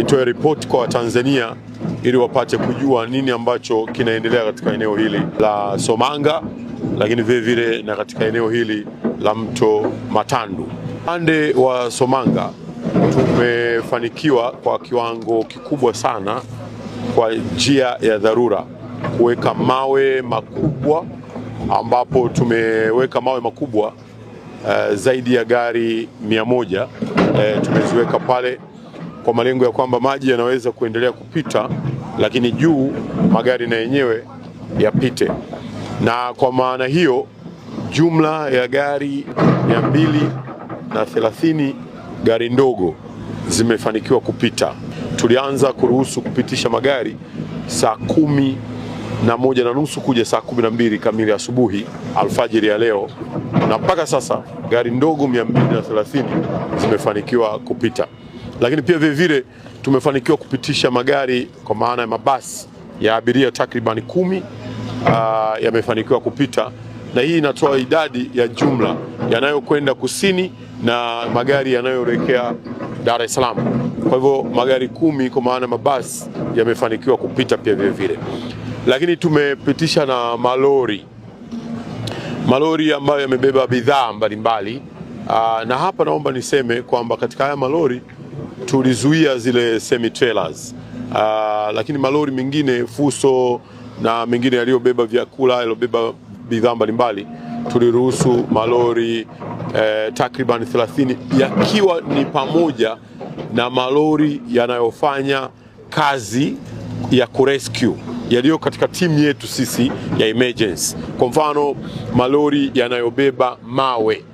nitoe ripoti kwa Watanzania ili wapate kujua nini ambacho kinaendelea katika eneo hili la Somanga, lakini vile vile na katika eneo hili la mto Matandu. Upande wa Somanga tumefanikiwa kwa kiwango kikubwa sana kwa njia ya dharura kuweka mawe makubwa ambapo tumeweka mawe makubwa uh, zaidi ya gari mia moja uh, tumeziweka pale kwa malengo ya kwamba maji yanaweza kuendelea kupita, lakini juu magari na yenyewe yapite, na kwa maana hiyo jumla ya gari mia mbili na thelathini gari ndogo zimefanikiwa kupita. Tulianza kuruhusu kupitisha magari saa kumi na moja na nusu kuja saa kumi na mbili kamili asubuhi alfajiri ya leo, na mpaka sasa gari ndogo mia mbili na thelathini zimefanikiwa kupita. Lakini pia vilevile tumefanikiwa kupitisha magari kwa maana ya mabasi ya abiria takriban kumi ah, yamefanikiwa kupita, na hii inatoa idadi ya jumla yanayokwenda kusini na magari yanayoelekea Dar es Salaam. Kwa hivyo magari kumi kwa maana mabasi yamefanikiwa kupita pia vilevile, lakini tumepitisha na malori malori ambayo yamebeba bidhaa mbalimbali. Ah, na hapa naomba niseme kwamba katika haya malori tulizuia zile semi trailers uh, ah, lakini malori mengine fuso na mengine yaliyobeba vyakula yaliyobeba bidhaa mbalimbali tuliruhusu malori eh, takriban 30 yakiwa ni pamoja na malori yanayofanya kazi ya kurescue yaliyo katika timu yetu sisi ya emergency. Kwa mfano malori yanayobeba mawe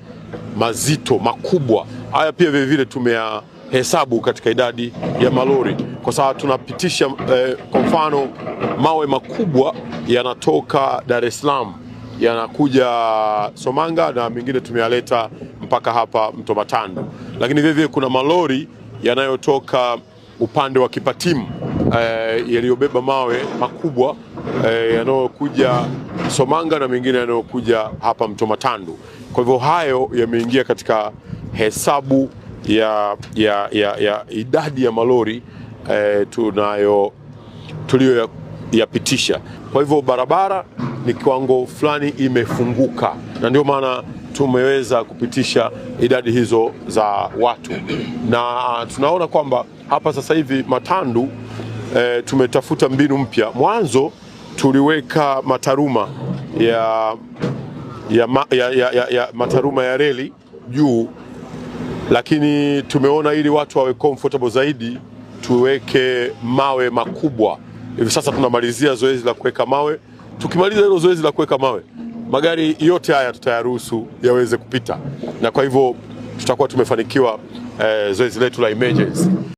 mazito makubwa haya pia vilevile tumea hesabu katika idadi ya malori kwa sababu tunapitisha eh, kwa mfano mawe makubwa yanatoka Dar es Salaam yanakuja Somanga na mengine tumeyaleta mpaka hapa Mto Matandu, lakini vilevile kuna malori yanayotoka upande wa Kipatimu eh, yaliyobeba mawe makubwa eh, yanayokuja Somanga na mengine yanayokuja hapa Mto Matandu. Kwa hivyo hayo yameingia katika hesabu ya, ya, ya, ya idadi ya malori eh, tunayo tuliyoyapitisha. Kwa hivyo barabara ni kiwango fulani imefunguka, na ndio maana tumeweza kupitisha idadi hizo za watu, na ah, tunaona kwamba hapa sasa hivi Matandu eh, tumetafuta mbinu mpya. Mwanzo tuliweka mataruma ya, ya, ya, ya, ya, ya mataruma ya reli juu lakini tumeona ili watu wawe comfortable zaidi tuweke mawe makubwa. Hivi sasa tunamalizia zoezi la kuweka mawe. Tukimaliza hilo zoezi la kuweka mawe, magari yote haya tutayaruhusu yaweze kupita, na kwa hivyo tutakuwa tumefanikiwa eh, zoezi letu la emergency.